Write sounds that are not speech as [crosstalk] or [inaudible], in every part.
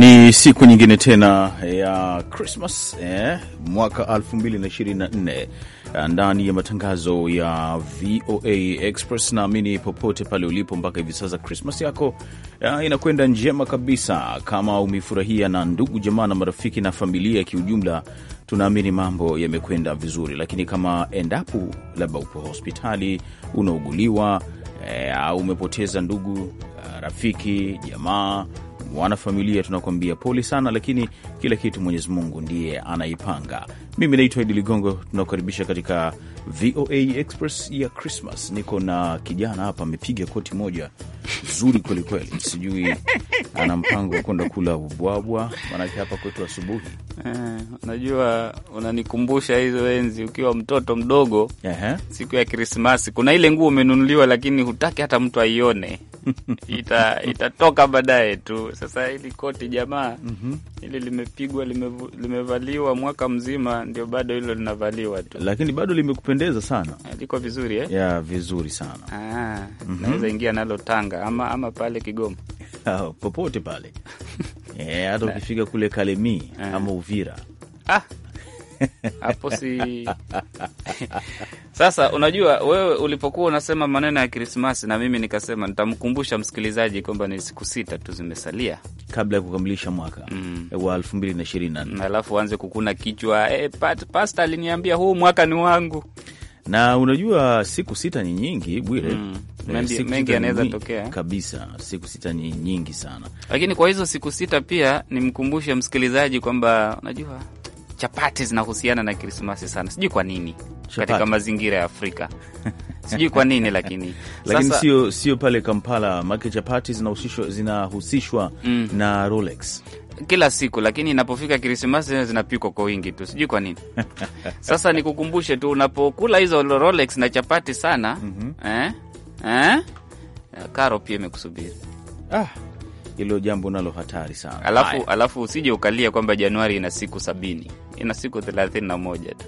Ni siku nyingine tena eh, ya Christmas eh, mwaka 2024 eh, ndani ya matangazo ya VOA Express. Naamini popote pale ulipo mpaka hivi sasa Christmas yako ya eh, inakwenda njema kabisa, kama umefurahia na ndugu jamaa na marafiki na familia kiujumla, tunaamini mambo yamekwenda vizuri, lakini kama endapo labda upo hospitali unauguliwa, eh, au umepoteza ndugu, rafiki, jamaa wanafamilia tunakuambia pole sana, lakini kila kitu Mwenyezi Mungu ndiye anaipanga. Mimi naitwa Idi Ligongo, tunakukaribisha katika VOA Express ya Christmas. Niko na kijana hapa amepiga koti moja zuri kwelikweli, sijui ana mpango wa kwenda kula ubwabwa, maanake hapa kwetu asubuhi. Eh, unajua eh, unanikumbusha hizo enzi ukiwa mtoto mdogo. uh -huh. Siku ya Krismasi kuna ile nguo umenunuliwa, lakini hutaki hata mtu aione [laughs] ita, itatoka baadaye tu. Sasa hili koti jamaa, mm -hmm. hili limepigwa limevu, limevaliwa mwaka mzima, ndio bado hilo linavaliwa tu, lakini bado limekupendeza sana, eh, liko vizuri eh? ya vizuri sana ah, mm -hmm. naweza ingia nalo Tanga ama, ama pale Kigoma [laughs] oh, popote pale [laughs] eh, hata yeah, ukifika kule Kalemi eh. ama Uvira ah. [laughs] hapo si [laughs] Sasa unajua wewe ulipokuwa unasema maneno ya Krismasi na mimi nikasema nitamkumbusha msikilizaji kwamba ni siku sita tu zimesalia kabla ya kukamilisha mwaka mm. wa elfu mbili na ishirini na nne alafu anze kukuna kichwa hey, eh, pasta aliniambia huu mwaka ni wangu na unajua siku sita ni nyingi Bwire, mm. Eh, mengi yanaweza tokea eh? kabisa. Siku sita ni nyingi sana, lakini kwa hizo siku sita pia nimkumbushe msikilizaji kwamba unajua chapati zinahusiana na Krismasi sana, sijui kwa nini chapati katika mazingira ya Afrika [laughs] sijui kwa nini [laughs] lakini lakini sio sio pale Kampala, make chapati zinahusishwa zinahusishwa mm, na Rolex kila siku, lakini inapofika Krismasi zinapikwa kwa wingi tu, sijui kwa nini. [laughs] Sasa nikukumbushe tu, unapokula hizo Rolex na chapati sana mm -hmm. eh? Eh? Karo pia imekusubiri ah hilo jambo nalo hatari sana. Alafu, alafu usije ukalia kwamba Januari ina siku sabini, ina siku thelathini na moja tu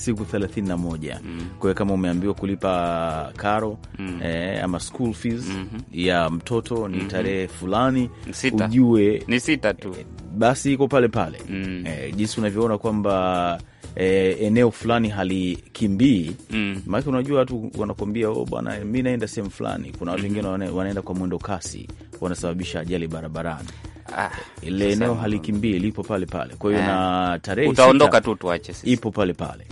siku 31. Mm. Mhm. Kwa hiyo kama umeambiwa kulipa karo mm. eh, ama school fees mm -hmm. ya mtoto ni mm -hmm. tarehe fulani sita. Ujue ni sita tu eh, basi iko pale pale mm. eh, jinsi unavyoona kwamba E, eneo fulani halikimbii mm. Maanake unajua watu wanakuambia oh, bwana mi naenda sehemu fulani. Kuna watu mm-hmm. wengine mm -hmm. wanaenda kwa mwendo kasi, wanasababisha ajali barabarani. Ah, ile eneo halikimbii, lipo pale pale. Kwa hiyo eh. na tarehe utaondoka tu, tuache sisi, ipo pale pale.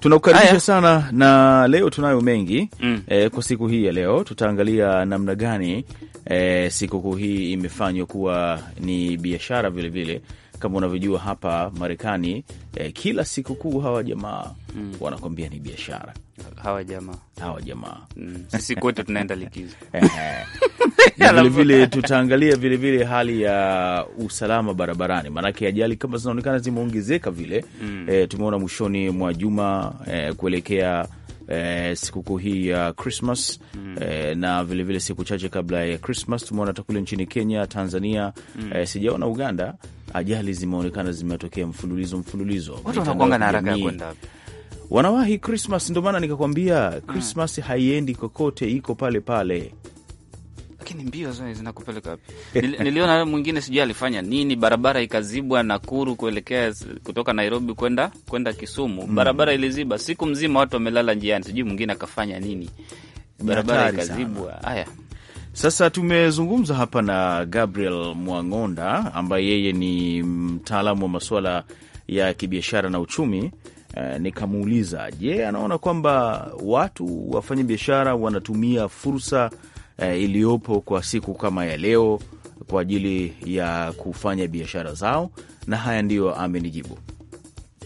Tunakukaribisha sana na leo tunayo mengi mm. E, kwa siku hii ya leo tutaangalia namna gani e, sikukuu hii imefanywa kuwa ni biashara vilevile vile kama unavyojua hapa Marekani eh, kila siku kuu hawa jamaa mm. wanakwambia ni biashara hawa jamaa hawa jamaa mm. sisi kwetu tunaenda likizo vilevile [laughs] tutaangalia vilevile hali ya usalama barabarani, maanake ajali kama zinaonekana zimeongezeka vile mm. eh, tumeona mwishoni mwa juma eh, kuelekea Eh, sikukuu hii ya Christmas mm. eh, na vilevile vile siku chache kabla ya Christmas tumeona hata kule nchini Kenya, Tanzania mm. eh, sijaona Uganda ajali zimeonekana zimetokea mfululizo mfululizo. Watu wanakuanga na haraka ya kwenda wanawahi Krismas, ndo maana nikakwambia Krismas hmm. mm, haiendi kokote, iko pale pale, lakini mbio zinakupeleka wapi? [laughs] Niliona mwingine sijui alifanya nini, barabara ikazibwa Nakuru kuelekea kutoka Nairobi kwenda kwenda Kisumu, hmm. barabara iliziba siku mzima, watu wamelala njiani, sijui mwingine akafanya nini, barabara ikazibwa. Haya. Sasa tumezungumza hapa na Gabriel Mwang'onda ambaye yeye ni mtaalamu wa masuala ya kibiashara na uchumi. E, nikamuuliza je, anaona kwamba watu wafanya biashara wanatumia fursa e, iliyopo kwa siku kama ya leo kwa ajili ya kufanya biashara zao, na haya ndiyo amenijibu.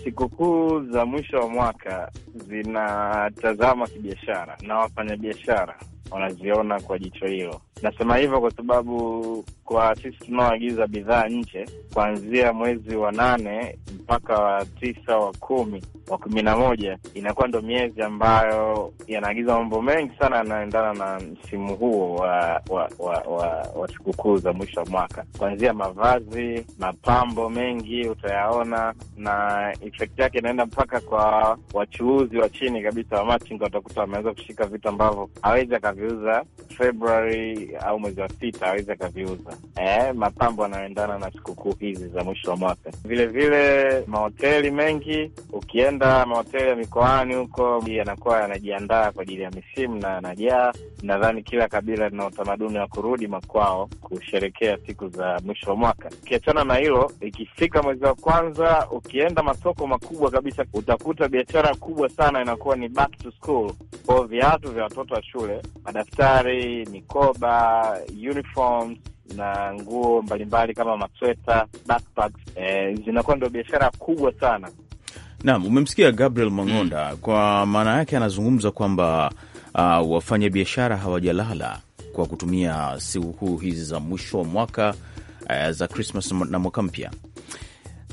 Sikukuu za mwisho wa mwaka zinatazama kibiashara na wafanyabiashara wanaziona kwa jicho hilo. Nasema hivyo kwa sababu kwa sisi tunaoagiza bidhaa nje kuanzia mwezi wa nane mpaka wa tisa wa kumi wa kumi na moja inakuwa ndo miezi ambayo yanaagiza mambo mengi sana yanaendana na msimu huo wa wa wa, wa, wa sikukuu za mwisho wa mwaka, kuanzia mavazi, mapambo mengi utayaona, na effect yake inaenda mpaka kwa wachuuzi wa chini kabisa wa machinga, watakuta wameweza kushika vitu ambavyo hawezi akaviuza februari au mwezi wa sita aweze akaviuza. Eh, mapambo yanayoendana na sikukuu hizi za mwisho wa mwaka. Vilevile mahoteli mengi, ukienda mahoteli ya mikoani huko yanakuwa yanajiandaa kwa ajili ya misimu na yanajaa. Nadhani kila kabila lina utamaduni wa kurudi makwao kusherekea siku za mwisho wa mwaka. Ukiachana na hilo, ikifika mwezi wa kwanza, ukienda masoko makubwa kabisa, utakuta biashara kubwa sana inakuwa ni back to school kwao, viatu vya watoto wa shule, madaftari, mikoba uniforms na nguo mbalimbali kama masweta, backpacks eh, zinakuwa ndio biashara kubwa sana. Naam, umemsikia Gabriel Mang'onda. Kwa maana yake anazungumza kwamba uh, wafanya biashara hawajalala kwa kutumia sikukuu hizi za mwisho wa mwaka uh, za Krismas na mwaka mpya,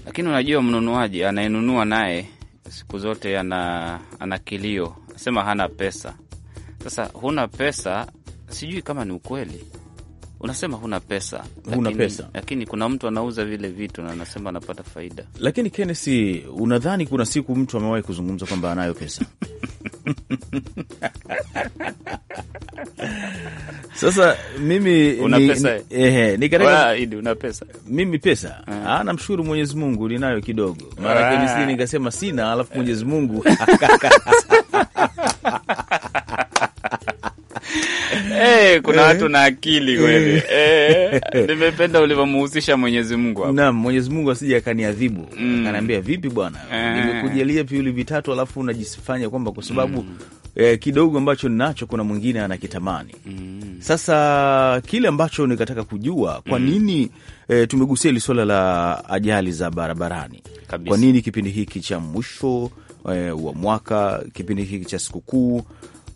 lakini unajua mnunuaji anayenunua naye siku zote ana, ana kilio, sema hana pesa. Sasa huna pesa, sijui kama ni ukweli. Unasema huna pesa, huna pesa, lakini kuna mtu anauza vile vitu na anasema anapata faida. Lakini kenesi unadhani kuna siku mtu amewahi kuzungumza kwamba anayo pesa? [laughs] Sasa mimi una pesa, ni, ehe, una pesa mimi pesa ah. Ah, namshukuru Mwenyezi Mungu ninayo kidogo, maanake ah. nisije nikasema sina alafu Mwenyezi Mungu [laughs] Eh, kuna eh. watu na akili eh. kweli. [laughs] Nimependa ulivyomuhusisha Mwenyezi Mungu hapo. Naam, Mwenyezi Mungu asije akaniadhibu mm. Akaniambia vipi bwana, nimekujalia viwili vitatu, alafu unajisifanya kwamba kwa sababu mm. Eh, kidogo ambacho ninacho kuna mwingine anakitamani mm. Sasa kile ambacho nikataka kujua kwa mm. nini mm. eh, tumegusia hili swala la ajali za barabarani kabisa. Kwa nini kipindi hiki cha mwisho eh, wa mwaka, kipindi hiki cha sikukuu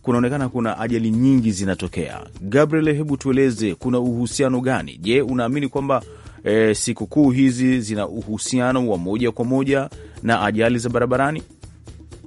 kunaonekana kuna ajali nyingi zinatokea. Gabriel, hebu tueleze kuna uhusiano gani? Je, unaamini kwamba e, eh, sikukuu hizi zina uhusiano wa moja kwa moja na ajali za barabarani?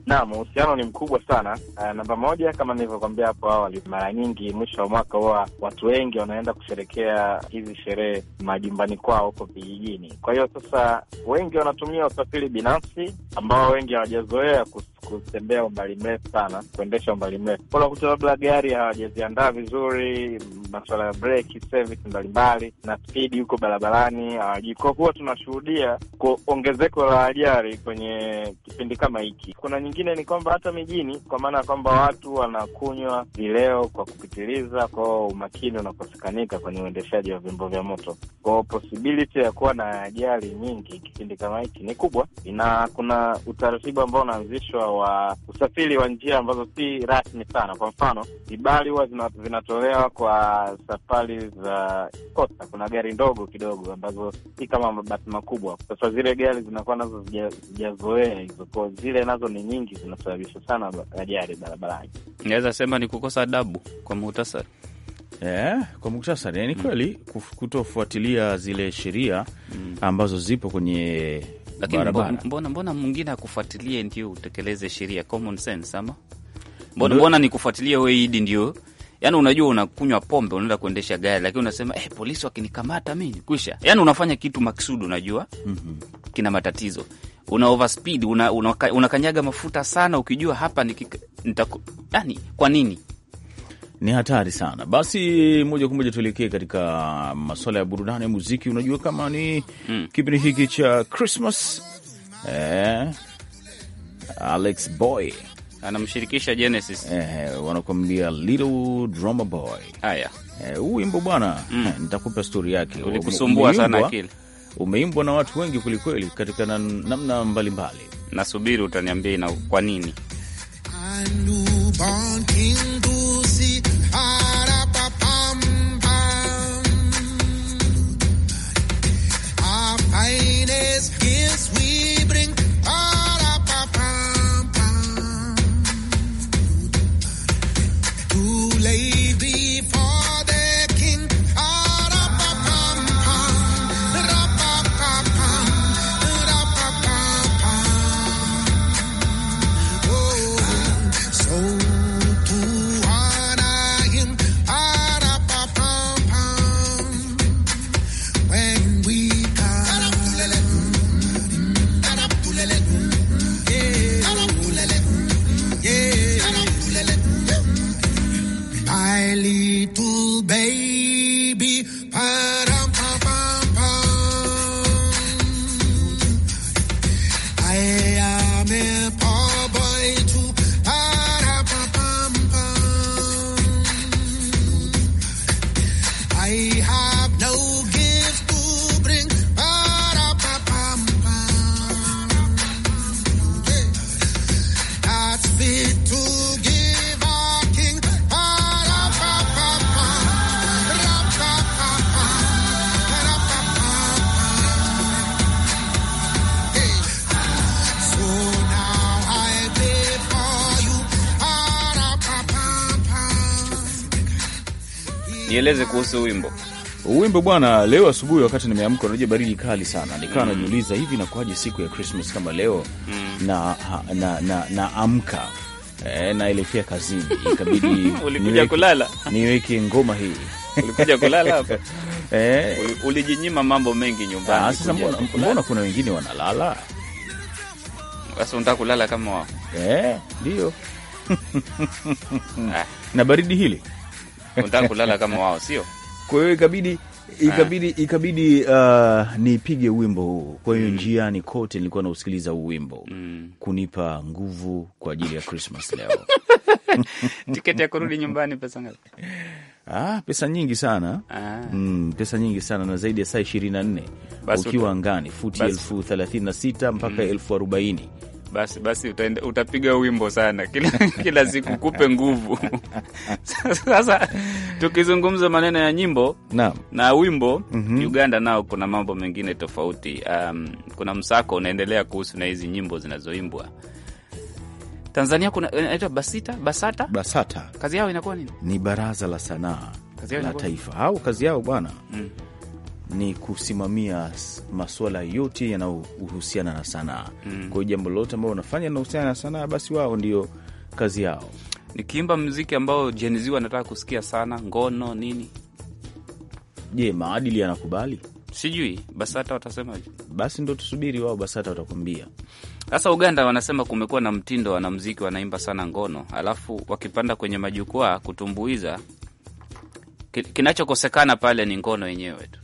Naam, uhusiano ni mkubwa sana. Uh, namba moja, kama nilivyokwambia hapo awali, mara nyingi mwisho wa mwaka huwa watu wengi wanaenda kusherekea hizi sherehe majumbani kwao huko vijijini. Kwa hiyo sasa wengi wanatumia usafiri binafsi ambao wengi hawajazoea kutembea umbali mrefu sana, kuendesha umbali mrefu. Unakuta labda gari hawajaziandaa vizuri, masuala ya breki, service mbalimbali na spidi huko barabarani hawajui, kwa kuwa tunashuhudia kwa ongezeko la ajali kwenye kipindi kama hiki. Kuna nyingine ni kwamba hata mijini, kwa maana ya kwamba watu wanakunywa vileo kwa kupitiliza, kwao umakini unakosekanika kwenye uendeshaji wa vyombo vya moto, kwao posibiliti ya kuwa na ajali nyingi kipindi kama hiki ni kubwa, na kuna utaratibu ambao unaanzishwa wa usafiri wa njia ambazo si rasmi sana. Kwa mfano, vibali huwa vinatolewa kwa safari za kosta. Kuna gari ndogo kidogo ambazo si kama mabasi makubwa. Sasa zile gari zinakuwa nazo zijazoea hizo, kwa zile nazo ni nyingi, zinasababisha sana ajali barabarani. Naweza sema ni kukosa adabu kwa muhtasari. Yeah, kwa muktasari ni yaani mm. kweli kutofuatilia zile sheria mm. ambazo zipo kwenye lakini mbona, mbona, mwingine akufuatilie ndio utekeleze sheria common sense ama mbona, mbona ni kufuatilia we idi ndio Yaani unajua unakunywa pombe unaenda kuendesha gari lakini unasema eh, polisi wakinikamata mi nikwisha. Yaani unafanya kitu maksudu unajua mm -hmm. kina matatizo. Una overspeed, unakanyaga una, una mafuta sana ukijua hapa niki, nitaku, yani kwa nini? ni hatari sana. Basi moja kwa moja tuelekee katika masuala ya burudani ya muziki. Unajua kama ni hmm, kipindi hiki cha Christmas eh, Alex Boy anamshirikisha Genesis eh, wanakuambia Little Drummer Boy. Haya, eh, huu eh, wimbo bwana mm. [laughs] nitakupa stori yake, ulikusumbua sana akili. Umeimbwa na watu wengi kwelikweli katika namna mbalimbali mbali. Nasubiri utaniambia na kwa nini nieleze kuhusu wimbo wimbo bwana. Leo asubuhi wakati nimeamka, unajua baridi kali sana, nikawa mm. najiuliza mm. hivi nakuwaje siku ya Krismas kama leo mm. na na na na amka e, eh, naelekea kazini, ikabidi [laughs] ulikuja kulala niweke ngoma hii ulikuja kulala hapa [laughs] e, ulijinyima mambo mengi nyumbani. Ah, sasa mbona, mbona kuna wengine wanalala? Sasa unataka kulala kama wao? Eh, ndio [laughs] ah. na baridi hili unataka kulala kama wao, sio? Kwa hiyo ikabidi ikabidi eh. ikabidi uh, nipige wimbo huu. Kwa hiyo mm. njiani kote nilikuwa nausikiliza huu wimbo mm. kunipa nguvu kwa ajili ya Christmas leo. [laughs] tiketi ya kurudi nyumbani pesa ngapi? Ah, pesa nyingi sana ah. mm, pesa nyingi sana na zaidi ya saa ishirini na nne ukiwa angani futi elfu thelathini na sita mpaka mm. elfu arobaini mm basi basi, utaenda, utapiga wimbo sana [laughs] kila, kila siku kupe nguvu [laughs] Sasa tukizungumza maneno ya nyimbo na, na wimbo mm -hmm. Uganda nao kuna mambo mengine tofauti. Um, kuna msako unaendelea kuhusu na hizi nyimbo zinazoimbwa Tanzania. Kuna eh, inaitwa basita basata basata, kazi yao inakuwa nini? Ni baraza la sanaa la taifa au kazi yao bwana mm ni kusimamia masuala yote yanayohusiana na sanaa mm. Kwa hiyo jambo lolote ambao wanafanya linahusiana na sanaa, basi wao ndio kazi yao. Nikiimba mziki ambao Gen wanataka kusikia sana, ngono nini, je, maadili yanakubali? Sijui BASATA watasemaje? Basi ndo tusubiri wao, BASATA watakuambia. Sasa Uganda wanasema kumekuwa na mtindo wanamziki wanaimba sana ngono, alafu wakipanda kwenye majukwaa kutumbuiza, kinachokosekana pale ni ngono yenyewe tu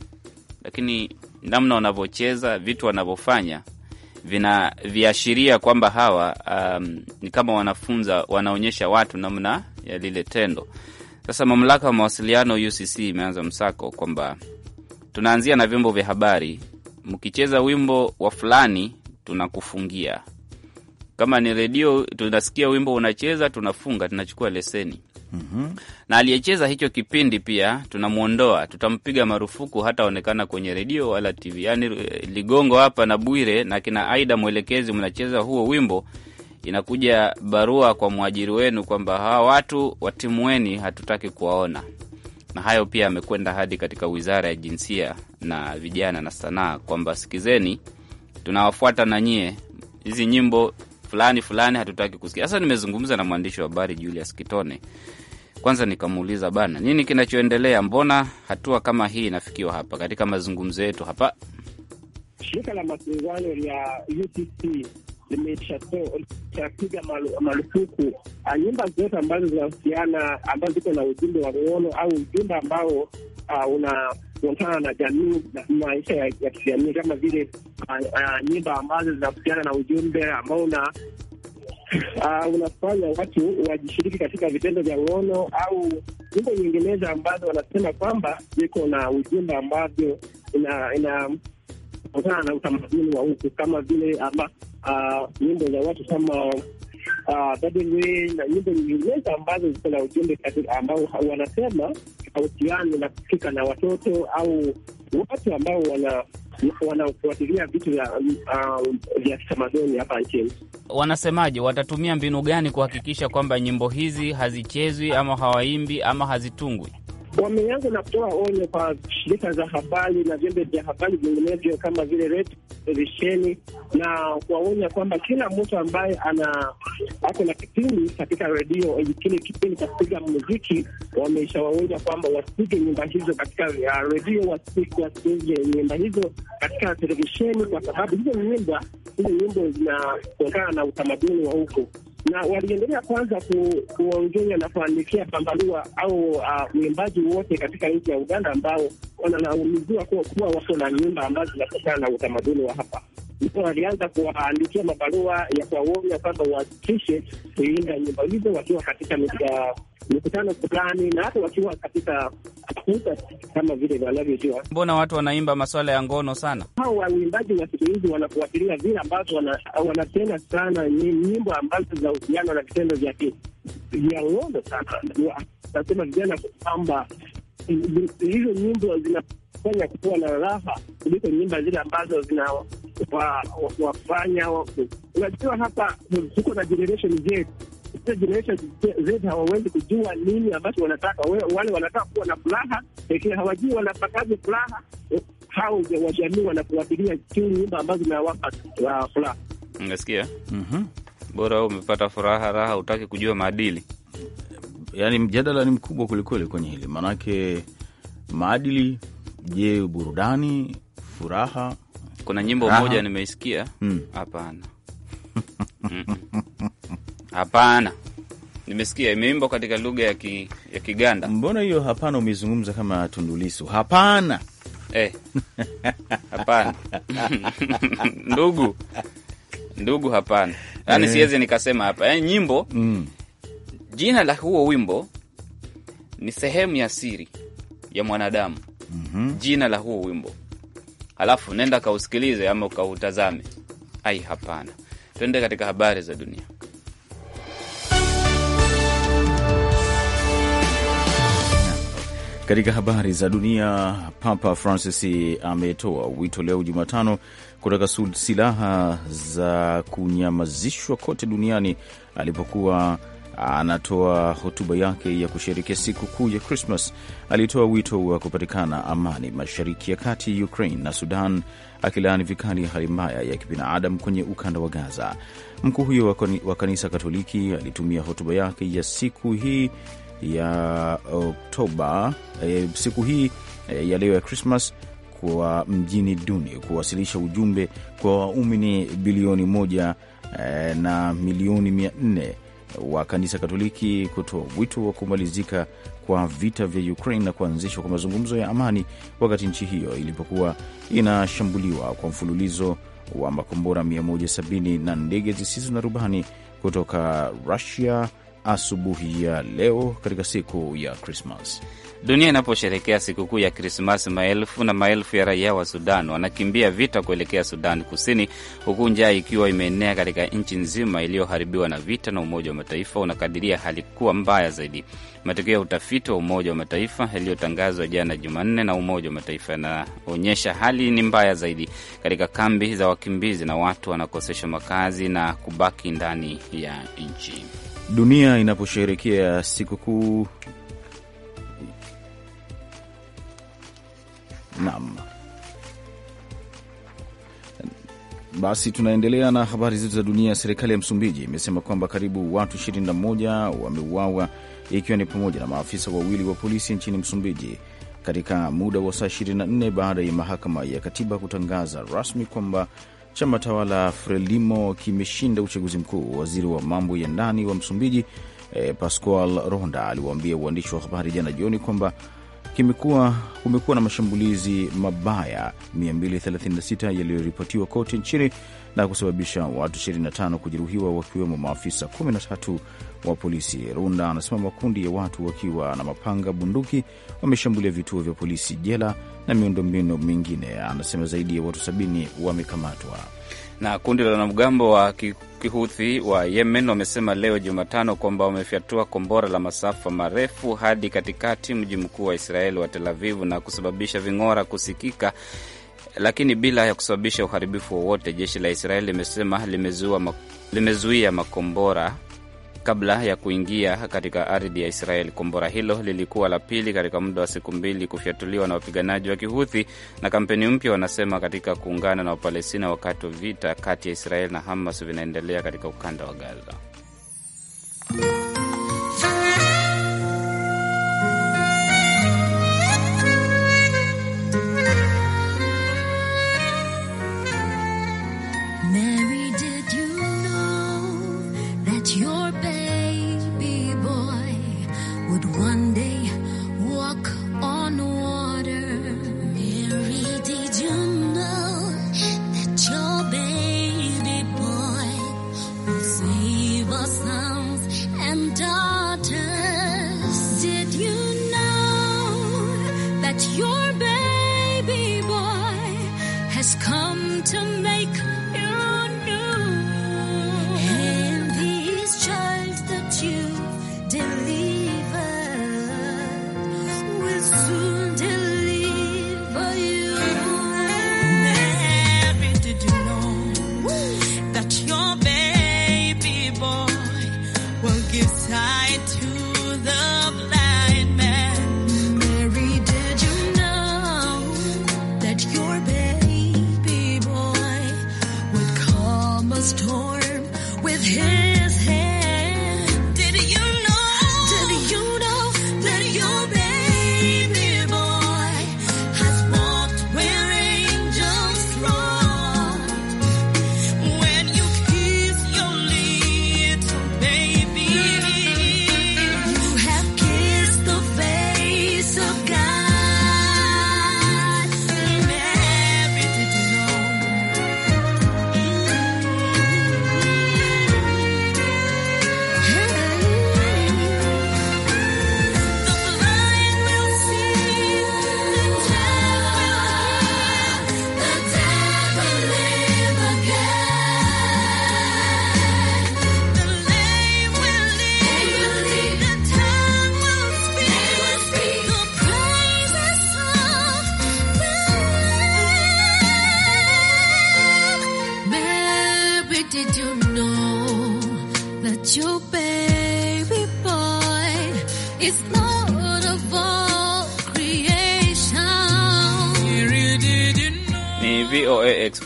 lakini namna wanavyocheza, vitu wanavyofanya vina viashiria kwamba hawa um, ni kama wanafunza, wanaonyesha watu namna ya lile tendo. Sasa mamlaka ya mawasiliano UCC imeanza msako kwamba tunaanzia na vyombo vya habari, mkicheza wimbo wa fulani tunakufungia. Kama ni redio tunasikia wimbo unacheza, tunafunga, tunachukua leseni mm -hmm. na aliyecheza hicho kipindi pia tunamwondoa, tutampiga marufuku, hata onekana kwenye redio wala TV. Yaani eh, Ligongo hapa na Bwire na kina Aida mwelekezi, mnacheza huo wimbo, inakuja barua kwa mwajiri wenu kwamba hawa watu watimueni, hatutaki kuwaona na hayo pia amekwenda hadi katika wizara ya jinsia na vijana na sanaa, kwamba sikizeni, tunawafuata na nyie, hizi nyimbo fulani fulani hatutaki kusikia. Sasa nimezungumza na mwandishi wa habari Julius Kitone, kwanza nikamuuliza bana, nini kinachoendelea? Mbona hatua kama hii inafikiwa hapa katika mazungumzo yetu hapa? Shirika la mapinzano ya UTC limeshapiga marufuku ah, nyumba zote ambazo zinahusiana ambazo ziko na ujumbe wa ng'ono au ujumbe ambao uh, una kuondana na jamii na maisha ya, ya kijamii kama vile ah, ah, nyimba ambazo zinahusiana na ujumbe ambao una Uh, unafanya watu wajishiriki katika vitendo vya ngono au nyimbo nyinginezo ambazo wanasema kwamba ziko na ujumbe ambavyo ina na utamaduni wa huku kama vile ama nyimbo uh, za watu kama Ah, na nyimbo nyinginezo ambazo ziko na ujumbe ambao wanasema kuhusiana na kufika na watoto au watu ambao wana vitu vya um, kitamaduni hapa nchini. Wanasemaje, watatumia mbinu gani kuhakikisha kwamba nyimbo hizi hazichezwi ama hawaimbi ama hazitungwi? wameanza na kutoa onyo kwa shirika za habari na vyombo vya habari vinginevyo kama vile redio, televisheni na kuwaonya kwamba kila mtu ambaye ana ako na kipindi katika redio kile kipindi cha kupiga muziki, wameshawaonya kwamba wasipige nyumba hizo katika redio, wasipige nyumba hizo katika televisheni, kwa sababu hizo nyimba hizo nyimbo zinatokana na utamaduni wa huko na waliendelea kwanza kuongea na kuandikia pambarua au ah, uimbaji uh, wote katika nchi ya Uganda ambao wanalaumiziwa kuwa wako na nyumba ambazo zinatokana na utamaduni wa hapa ndipo walianza kuwaandikia mabarua ya kuwaonya kwamba wahakikishe kuinda nyumba hizo wakiwa katika mikutano fulani, na hata wakiwa katika kuta kama vile wanavyojua. Mbona watu wanaimba maswala ya ngono sana? Hao waimbaji wa siku hizi wanafuatilia vile ambavyo wanatenda sana nyimbo ambazo za uhusiano na vitendo vya ngono sana. Nasema vijana kwamba hizo nyimbo zinafanya kuwa na raha kuliko nyimba zile ambazo zina wafanya. Unajua, hapa tuko na generation zetu hizo generation hawawezi kujua nini ambacho wanataka. Wale wanataka kuwa na furaha pekee, hawajui wanapataje furaha. Hao wajamii wanakuabilia tu nyumba ambazo zinawapa uh, furaha. Unasikia? Mhm, bora umepata furaha, raha, utaki kujua maadili. Yaani mjadala ni mkubwa kwelikweli kwenye hili, maanake maadili, je, burudani, furaha. Kuna nyimbo moja nimeisikia hmm. hapana. [laughs] mm. Hapana, nimesikia imeimbwa katika lugha ya, ki, ya Kiganda. Mbona hiyo hapana umezungumza kama Tundulisu? Hapana eh, hapana [laughs] ndugu ndugu, hapana yaani eh, siwezi nikasema hapa yaani nyimbo mm. Jina la huo wimbo ni sehemu ya siri ya mwanadamu mm -hmm. Jina la huo wimbo alafu nenda kausikilize ama ukautazame. Ai, hapana. twende katika habari za dunia. Katika habari za dunia, Papa Francis ametoa wito leo Jumatano kutaka silaha za kunyamazishwa kote duniani alipokuwa anatoa hotuba yake ya kusherekea siku kuu ya Krismas. Alitoa wito wa kupatikana amani mashariki ya kati, Ukraine na Sudan, akilaani vikali hali mbaya ya kibinadamu kwenye ukanda wa Gaza. Mkuu huyo wa kanisa Katoliki alitumia hotuba yake ya siku hii ya Oktoba e, eh, siku hii e, ya leo ya Krismas kwa mjini Duni kuwasilisha ujumbe kwa waumini bilioni moja e, na milioni mia nne wa kanisa Katoliki kutoa wito wa kumalizika kwa vita vya Ukraine na kuanzishwa kwa mazungumzo ya amani, wakati nchi hiyo ilipokuwa inashambuliwa kwa mfululizo wa makombora 170 na ndege zisizo na rubani kutoka Russia asubuhi ya leo katika siku ya Krismas. Dunia inaposherekea sikukuu ya Krismas, maelfu na maelfu ya raia wa Sudan wanakimbia vita kuelekea Sudan Kusini, huku njaa ikiwa imeenea katika nchi nzima iliyoharibiwa na vita, na Umoja wa Mataifa unakadiria hali kuwa mbaya zaidi. Matokeo ya utafiti wa Umoja wa Mataifa yaliyotangazwa jana Jumanne na Umoja wa Mataifa yanaonyesha hali ni mbaya zaidi katika kambi za wakimbizi na watu wanakosesha makazi na kubaki ndani ya nchi dunia inaposherekea sikukuu nam basi tunaendelea na habari zetu za dunia. Serikali ya Msumbiji imesema kwamba karibu watu 21 wameuawa ikiwa ni pamoja na maafisa wawili wa polisi nchini Msumbiji katika muda wa saa 24 baada ya mahakama ya katiba kutangaza rasmi kwamba Chama tawala Frelimo kimeshinda uchaguzi mkuu. Waziri wa mambo ya ndani wa Msumbiji eh, Pascoal Ronda aliwaambia uandishi wa habari jana jioni kwamba kimekuwa kumekuwa na mashambulizi mabaya 236 yaliyoripotiwa kote nchini na kusababisha watu 25 kujeruhiwa wakiwemo maafisa 13 wa polisi. Runda anasema makundi ya watu wakiwa na mapanga, bunduki wameshambulia vituo vya polisi, jela na miundombinu mingine. Anasema zaidi ya watu 70 wamekamatwa. Na kundi la wanamgambo wa kihuthi wa Yemen wamesema leo Jumatano kwamba wamefyatua kombora la masafa marefu hadi katikati mji mkuu wa Israeli wa Tel Avivu na kusababisha ving'ora kusikika lakini bila ya kusababisha uharibifu wowote. Jeshi la Israeli limesema limezuia makombora Kabla ya kuingia katika ardhi ya israel kombora hilo lilikuwa la pili katika muda wa siku mbili kufyatuliwa na wapiganaji wa Kihuthi na kampeni mpya wanasema katika kuungana na Wapalestina wakati wa vita kati ya israel na Hamas vinaendelea katika ukanda wa Gaza.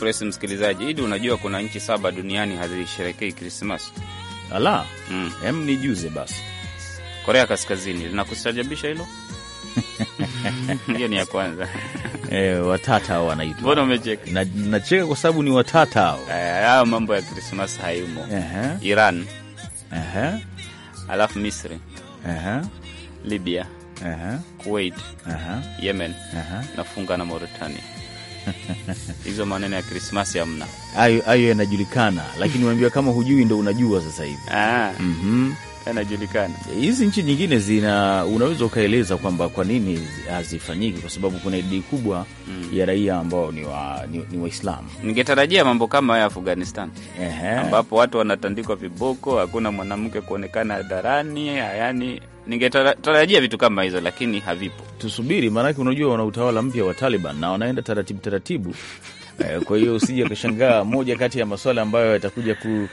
Express, msikilizaji. Idi, unajua kuna nchi saba duniani hazisherekei Krismas. Ala, mm. em nijuze basi. Korea Kaskazini, linakustajabisha hilo? [laughs] hiyo ni ya kwanza. E, watata hao wanaitwa. Mbona umecheka? Na, nacheka kwa sababu ni watata hao. Eh, e, mambo ya Krismas hayumo. uh -huh. Iran. uh -huh. Alafu Misri. uh -huh. Libya. uh -huh. Kuwait. uh -huh. Yemen. uh -huh. nafunga na Mauritania [laughs] hizo maneno ya Krismasi hamna, hayo yanajulikana, lakini [laughs] unaambiwa kama hujui ndo unajua sasa hivi. mm -hmm yanajulikana. Hizi nchi nyingine zina, unaweza ukaeleza kwamba kwa nini hazifanyiki, kwa sababu kuna idadi kubwa mm. ya raia ambao ni Waislamu. Ni, ni ningetarajia mambo kama haya Afghanistan, ambapo watu wanatandikwa viboko, hakuna mwanamke kuonekana hadharani, yani ningetarajia vitu kama hizo, lakini havipo. Tusubiri, maanake unajua wana utawala mpya wa Taliban na wanaenda taratibu taratibu. [laughs] Eh, kwa hiyo usije ukashangaa moja kati ya maswala ambayo yatakuja ku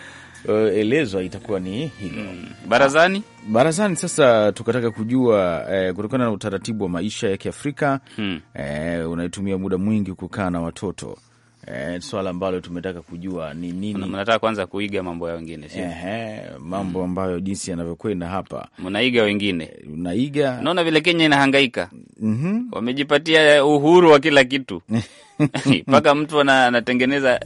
Eh, elezwa itakuwa ni hilo mm. Barazani ah, barazani sasa tukataka kujua eh, kutokana na utaratibu wa maisha ya Kiafrika mm. eh, unaitumia muda mwingi kukaa na watoto eh, swala ambalo tumetaka kujua ni nini. Mnataka kwanza kuiga mambo ya wengine sio? eh, mambo mm. ambayo jinsi yanavyokwenda hapa, mnaiga wengine, eh, unaiga. naona vile Kenya inahangaika mm -hmm. wamejipatia uhuru wa kila kitu [laughs] [laughs] mpaka mtu anatengeneza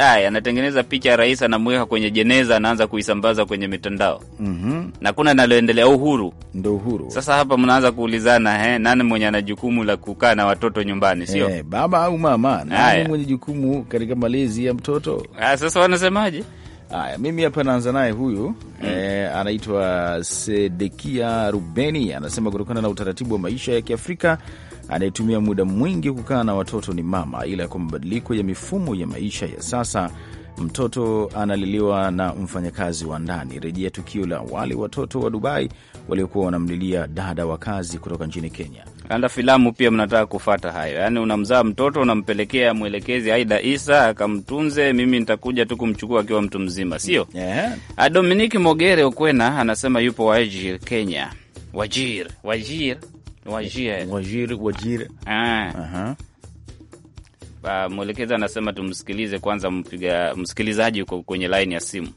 AI anatengeneza picha ya rais, anamweka kwenye jeneza, anaanza kuisambaza kwenye mitandao mm -hmm. na kuna naloendelea uhuru, ndo uhuru. Sasa hapa mnaanza kuulizana eh, nani mwenye ana jukumu la kukaa na watoto nyumbani, sio hey, eh, baba au mama? Nani mwenye jukumu katika malezi ya mtoto? Aya, ah, sasa wanasemaje? Haya, mimi hapa naanza naye huyu mm. E, anaitwa Sedekia Rubeni, anasema kutokana na utaratibu wa maisha ya Kiafrika anayetumia muda mwingi kukaa na watoto ni mama, ila kwa mabadiliko ya mifumo ya maisha ya sasa mtoto analiliwa na mfanyakazi wa ndani. Rejea tukio la wale watoto wa Dubai waliokuwa wanamlilia dada wa kazi kutoka nchini Kenya. anda filamu pia mnataka kufata hayo, yaani unamzaa mtoto unampelekea mwelekezi Aida Isa akamtunze, mimi nitakuja tu kumchukua akiwa mtu mzima, sio yeah. Eh. Dominiki Mogere Okwena anasema yupo Wajir, Kenya. Wajir, Wajir Wajir, Wajir, Wajir. Ah. Uh-huh. Ba, mwelekezi anasema tumsikilize kwanza, mpiga msikilizaji uko kwenye laini ya simu.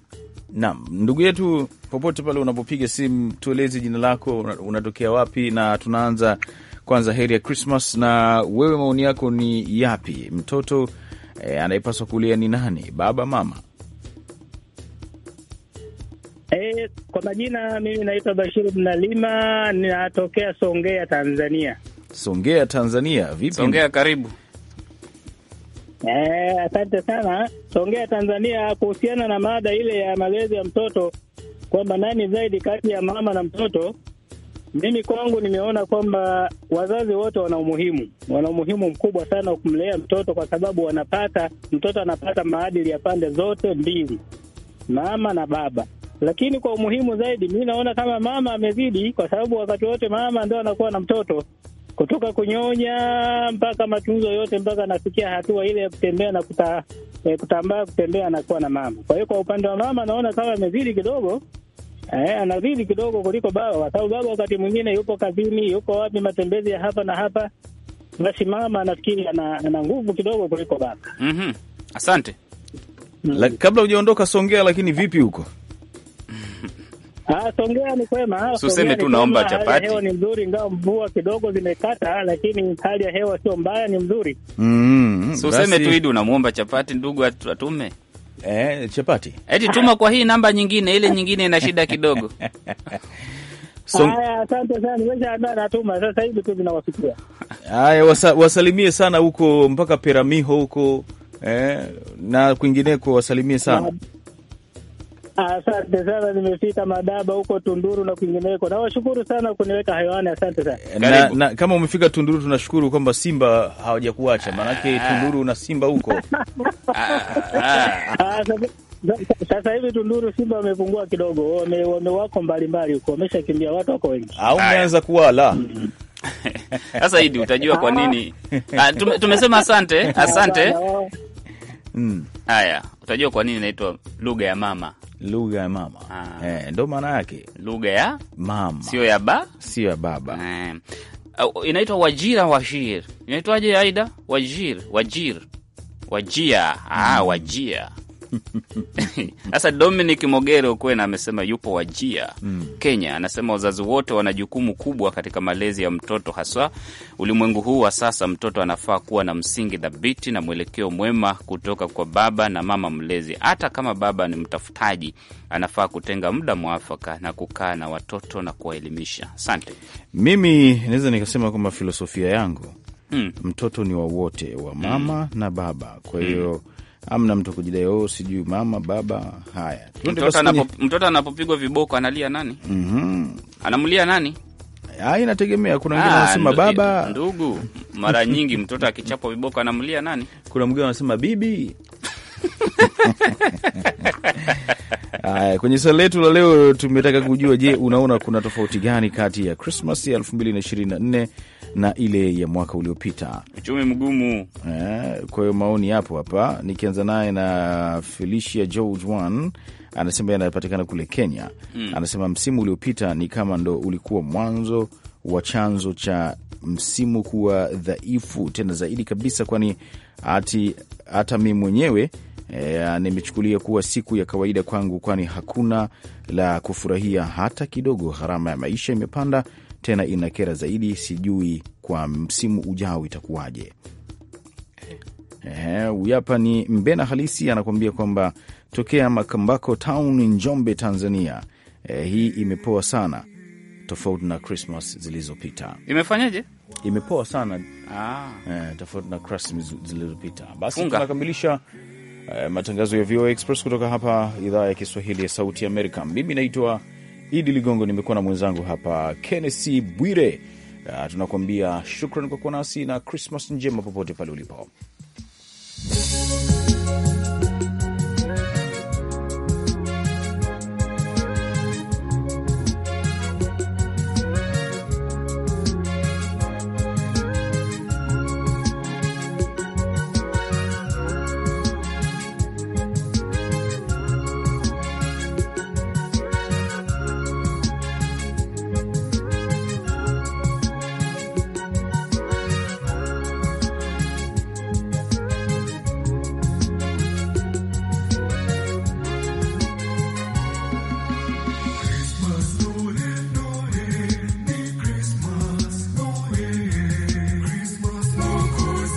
Naam, ndugu yetu, popote pale unapopiga simu, tueleze jina lako, unatokea wapi, na tunaanza kwanza heri ya Christmas. Na wewe maoni yako ni yapi? Mtoto eh, anayepaswa kulia ni nani, baba mama? E, kwa majina mimi naitwa Bashiru Mnalima, ninatokea Songea, Tanzania. Songea Tanzania, vipi? Songea karibu. Eh, asante sana. Songea Tanzania, kuhusiana na mada ile ya malezi ya mtoto kwamba nani zaidi kati ya mama na mtoto, mimi kwangu nimeona kwamba wazazi wote wana umuhimu, wana umuhimu mkubwa sana wa kumlea mtoto, kwa sababu wanapata mtoto anapata maadili ya pande zote mbili, mama na baba lakini kwa umuhimu zaidi, mi naona kama mama amezidi, kwa sababu wakati wote mama ndo anakuwa na mtoto kutoka kunyonya mpaka matunzo yote mpaka anafikia hatua ile ya kutembea na kuta, eh, kutambaa kutembea anakuwa na mama. Kwa hiyo kwa upande wa mama naona kama amezidi kidogo eh, anazidi kidogo kuliko baba, kwa sababu baba wakati mwingine yupo kazini, yuko wapi, matembezi ya hapa na hapa, basi mama anafikiri ana, ana nguvu kidogo kuliko baba. mm -hmm. Asante. mm -hmm. La, kabla hujaondoka Songea, lakini vipi huko Ah, Songea ni kwema. Usiseme tu naomba chapati. hewa ni mzuri, ingawa mvua kidogo zimekata, lakini hali ya hewa sio mbaya, ni mzuri. Mm, mm-hmm. usiseme tu hidi unamuomba chapati ndugu atume. Eh, chapati. Eti tuma kwa hii namba nyingine, ile nyingine ina shida kidogo. [laughs] Song... Aya, asante sana. Wewe ndio natuma sasa hivi tu vinawafikia. Haya, wasa, wasalimie sana huko mpaka Peramiho huko eh, na kwingineko wasalimie sana. Nah. Asante sana, nimefika Madaba huko Tunduru na kwingineko. Nawashukuru sana kuniweka hewani, asante sana na, na kama umefika Tunduru tunashukuru kwamba Simba hawajakuacha maanake ah. Tunduru na Simba huko [laughs] ah, ah, Sasa hivi Tunduru Simba wamepungua kidogo, wame, wame wako mbalimbali huko, wameshakimbia watu wako wengi, au umeanza kuwala [laughs] sasa hidi utajua kwa nini tumesema asante [laughs] asante. Haya, utajua kwa nini inaitwa lugha ya mama lugha ya mama ah. Eh, ndo maana yake lugha ya mama, sio ya ba, sio ya baba eh. Inaitwa wajira washir, inaitwaje? Aida wajir wajir wajia ah, hmm. wajia [laughs] Sasa Dominic Mogero Kwena amesema yupo Wajia mm. Kenya. Anasema wazazi wote wana jukumu kubwa katika malezi ya mtoto, haswa ulimwengu huu wa sasa. Mtoto anafaa kuwa na msingi thabiti na mwelekeo mwema kutoka kwa baba na mama mlezi. Hata kama baba ni mtafutaji, anafaa kutenga muda mwafaka na kukaa na watoto na kuwaelimisha. Asante. Mimi naweza nikasema kwamba filosofia yangu mm. mtoto ni wa wote, wa mama mm. na baba, kwa hiyo mm amna mtu kujidai oh, sijui mama baba. Haya, mtoto anapopigwa viboko analia nani? mm -hmm. anamlia nani? Ah, inategemea, kuna wengine ah, wanasema baba, ndugu. Mara nyingi mtoto akichapwa viboko anamlia nani? Kuna mwingine anasema bibi Aya, kwenye swali letu la leo tumetaka kujua, je, unaona kuna tofauti gani kati ya Krismas ya 2024 na ile ya mwaka uliopita? Uchumi mgumu. Eh, kwa hiyo maoni yapo hapa, nikianza naye na Felicia George one anasema yanapatikana kule Kenya. Hmm, Anasema msimu uliopita ni kama ndo ulikuwa mwanzo wa chanzo cha msimu kuwa dhaifu tena zaidi kabisa, kwani hata mi mwenyewe E, nimechukulia kuwa siku ya kawaida kwangu, kwani hakuna la kufurahia hata kidogo. Gharama ya maisha imepanda, tena inakera zaidi. Sijui kwa msimu ujao itakuwaje. Huyu hapa ni mbena halisi anakuambia kwamba tokea Makambako Town, Njombe, Tanzania. E, hii imepoa sana tofauti na Christmas zilizopita. Imefanyaje? Imepoa sana ah. E, tofauti na Christmas zilizopita. Basi tunakamilisha Eh, matangazo ya VOA Express kutoka hapa idhaa ya Kiswahili ya Sauti Amerika. Mimi naitwa Idi Ligongo, nimekuwa na mwenzangu hapa Kennesi Bwire. Uh, tunakuambia shukran kwa kuwa nasi na Krismas njema popote pale ulipo.